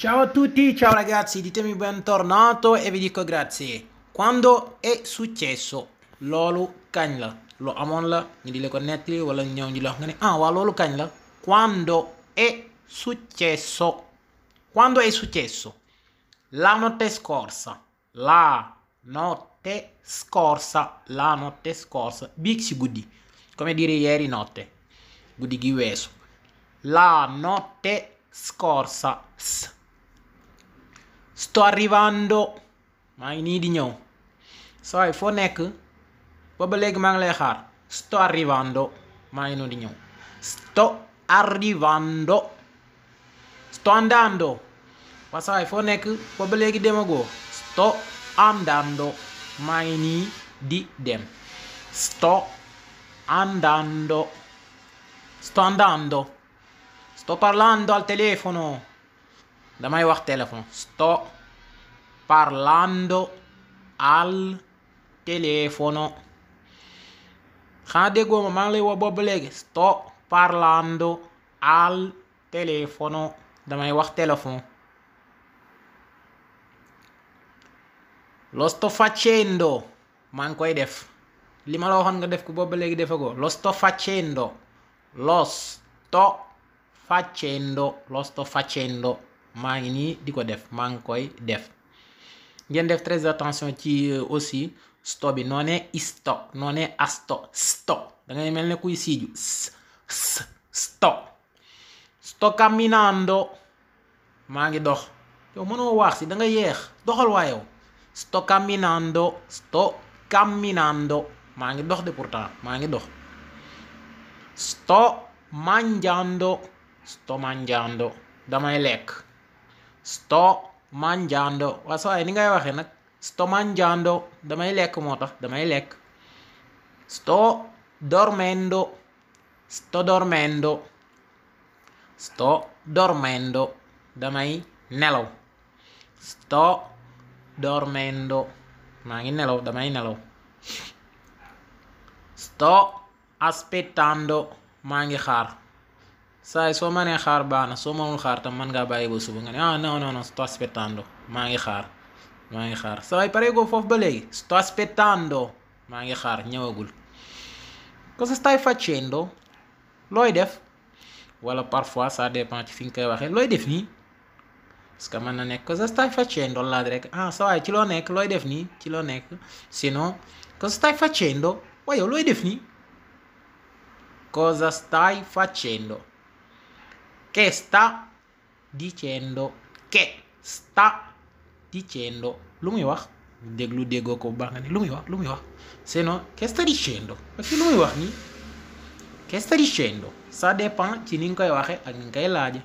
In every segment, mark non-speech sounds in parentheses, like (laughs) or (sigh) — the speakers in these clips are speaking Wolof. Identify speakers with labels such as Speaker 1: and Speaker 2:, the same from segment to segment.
Speaker 1: Ciao a tutti, ciao ragazzi, ditemi bentornato e vi dico grazie. Quando è successo? Lolu kañ la lu amoon la ñu di la ko nettali wala ñëw ñu la wax nga ne ah waa loolu kañ la quando è successo quando è la notte scorsa la notte scorsa la notte scorsa biig si guddi come dire ieri notte guddi gi weesu sto arrivando maa ngi nii di ñëw sawaay foo nekk booba maa ngi lay xaar sto arrivando maa ngi noonu di ñëw sto arrivando sto andando waa sawaay foo nekk booba léegi demagoo sto andando maa ngi nii di dem sto andando sto andando sto parlando al telefono damay wax téléphone parlando al telefono xanaa déggoo maa ngi lay woo boobu léegi sto parlando al telefono damay wax téléphone lo sto facendo maa ngi koy def li ma la nga def ko boobu léegi defagoo lo sto facendo lo sto facendo lo facendo maa ngi nii di ko def maa ngi koy def ngeen def très attention ci euh, aussi sto bi noo nee isto noo nee asto sto da ngay mel ne kuy siiju sto sto camminando maa ngi dox yow mënoo waax si da nga yeex doxal waa yow sto camminando sto camminando maa ngi dox de pourtant maa ngi dox sto mangiando sto mangiando damay lekk sto manjando waa sa ni ngay waxee nag sto manjando damay lekk moo tax damay lekk sto dormendo sto dormendo sto dormendo damay nelaw sto dormendo maa ngi nelaw damay nelaw sto aspettando maa ngi xaar saa soo manee xaar baax na soo mënul xaar tam mën ngaa bàyyi ba suba nga ne ah non non non sto aspettando maa ngi xaar maa ngi xaar saa yi pare goo foofu ba léegi sto aspettando maa ngi xaar ñëwagul cosa stai facendo looy def wala parfois ça dépend ci fi nga koy waxee looy def nii parce que mën na nekk cosa stai facendo laaj rek ah saa waay loo nekk looy def nii ci loo nekk sinon cosa stai facendo waaye looy def nii cosa stai facendo che sta dicendo che sta dicendo lu muy wax déglu déggoo ko baax nga lu muy wax lu muy wax sinon che sta dicendo parce que lu muy wax nii che sta dicendo ça dépend ci ni nga koy waxee ak ni nga koy laaje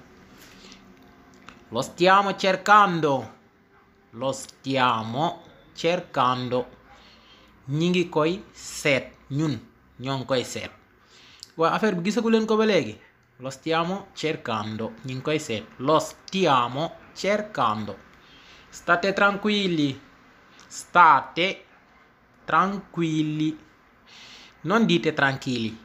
Speaker 1: lo stiamo cercando lo stiamo cercando ñi ngi koy seet ñun ñoo ngi koy seet waa affaire bi gisagu leen ko ba léegi loos stiamo cercando. 5-6. Lo stiamo cercando. State tranquilli. State tranquilli. Non dite tranquilli.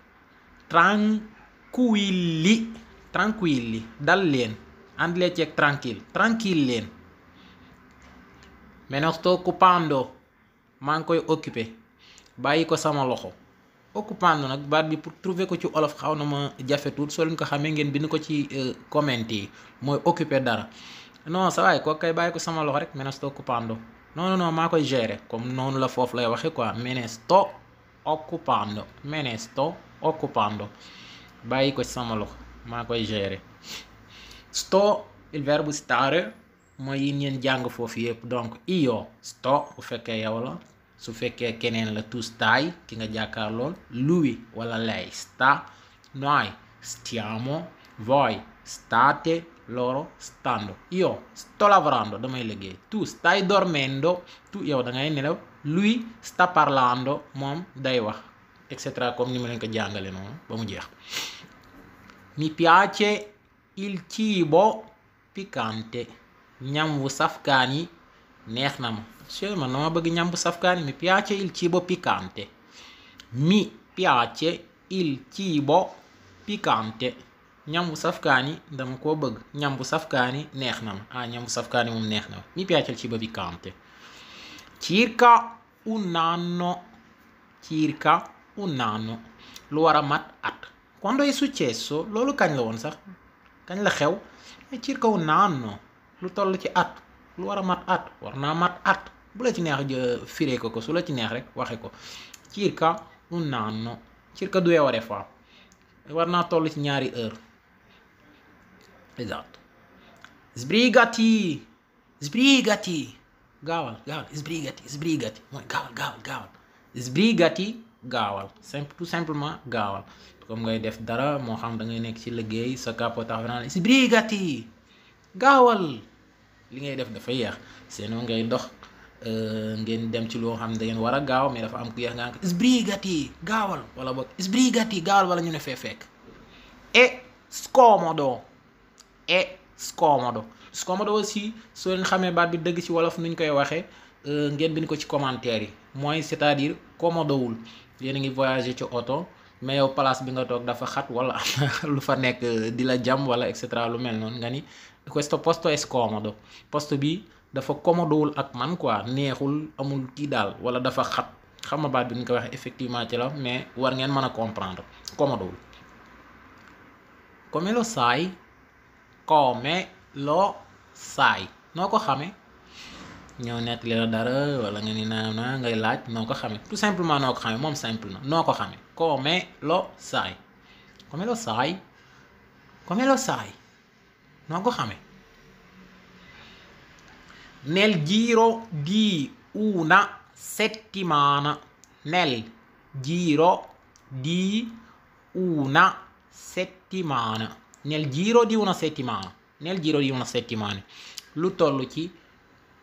Speaker 1: Tranquilli. Tranquilli. Dallen. Andle check tranquilli. Tranquilli. Me ne sto occupando. koy occupé. Bàyyi ko sama loxo. occupando nag baat bi pour trouver ko ci olof xaw na ma jafe tuut soo leen ko xamee ngeen bind ko ci euh, comment yi mooy occuper dara non sa waay bàyyi ko sama loxo rek menes to occupando non non maa koy gérer comme noonu la foofu lay waxee quoi menes to occupando menes to occupando bàyyi ko sama loxo maa koy gérer sto il verbe stare mooy yi ngeen jàng foofu yëpp donc io sto bu fekkee yow la su fekkee keneen la tu stai ki nga jàkkaar lool lui wala lei sta noi stiamo voi state loro stando io sto lavorando damay liggéey tu stai dormendo tu yow da ngay nelaw lui sta parlando moom day wax et cetera comme ni ma leen ko jàngale noonu ba mu jeex mi piace il cibo piccante ñam wu safkaan yi neex na ma chéri man dama bëgg ñam bu safkaani mi piace il cibo piccante mi piace il cibo piccante ñam bu safkaani dama koo bëgg ñam bu safkaani neex na ma ah ñam bu safkaani mu neex na ma mi piace il cibo piccante circa un anno circa un anno lu war a mat at quando è successo loolu kañ la woon sax kañ la xew circa un anno lu toll ci at lu war a mat at war naa mat at bu la ci neex firee ko ko su la ci neex rek waxe ko circa naa no circa due ore fa war naa toll ci ñaari heure esatto sbrigati sbrigati gaawal gaawal sbrigati gaawal gaawal gaawal gaawal simple tout simplement gaawal comme ngay def dara moo xam dangay nekk ci liggéey sa capo tax naa sbrigati gaawal li ngay def dafa yeex sinon ngay dox euh, ngeen dem ci loo xam ne da ngeen war a gaaw mais dafa am ku yéex nga ko sbrigati gaawal wala boog sbrigati gaawal walla ñu ne fee fekk e scomodo e scomodo si soo leen xamee baat bi dëgg ci wolof ñu koy waxee euh, ngeen bind ko ci commentaire yi mooy c'est-à-dire commodowul yéen a ngi voyager ci oto mais yow place bi nga toog dafa xat wala (laughs) lu fa nekk euh, di la jàmm wala et cetera lu mel noonu nga ni questo posto è scomodo posto bi dafa comodowul ak man quoi neexul amul kii daal wala dafa xat xam nga baat bi ñu ko waxee effectivement ci la mais war ngeen mën a comprendre comodowul come lo sai come lo sai noo ko xamee ñëw nettali la dara wala nga ni naa naa ngay laaj noo ko xamee tout simplement noo ko xamee moom simple na noo ko xamee come lo sai come lo noo ko xamee nel giro di una settimana nel jiiro di una settimana nel giro di una settimana nel giro di una lu toll ci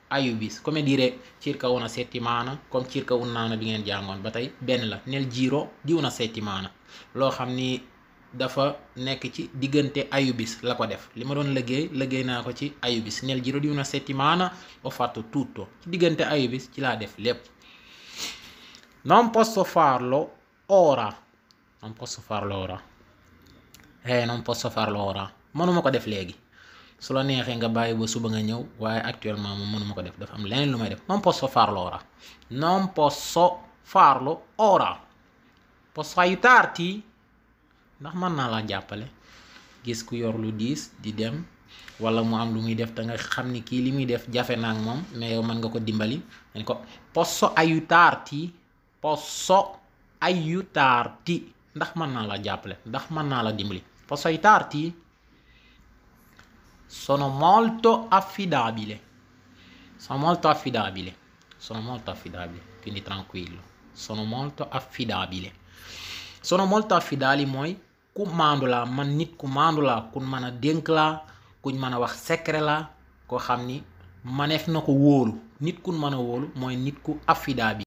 Speaker 1: ayu bis come dire circa una settimana comme circa un anno bi ngeen jàngoon ba tey benn la nel giro di una settimana loo xam ni dafa nekk ci diggante ayubis la ko def li ma doon liggéey liggéey naa ko ci ayubis nel giro di una settimana ho fatto tutto ci diggante ayubis ci laa def lépp non posso farlo ora non posso farlo ora eh non posso farlo ora mënuma ko def léegi su neexee nga bàyyi ba nga ñëw waaye actuellement moom mënuma ko def dafa am leneen lu may def non posso farlo ora non farlo ora ndax man naa laa jàppale gis ku yor lu diis di dem wala mu am lu muy def te nga xam ni kii li muy def jafe naa ak moom mais yow mën nga ko dimbali nga ni ko posso aiutarti posso aiutarti ndax mën naa la jàppale ndax mën naa la dimbali posso aiutarti sono molto affidabile sono molto affidabile sono molto affidabile quindi tranquillo sono molto affidabile sono molto affidabile mooy ku maandu laa man nit ku maandu laa ku mën a dénk laa kuñ mën a wax secret laa koo xam ni maneef na ko wóolu nit ku mën a wóolu mooy nit ku affida bi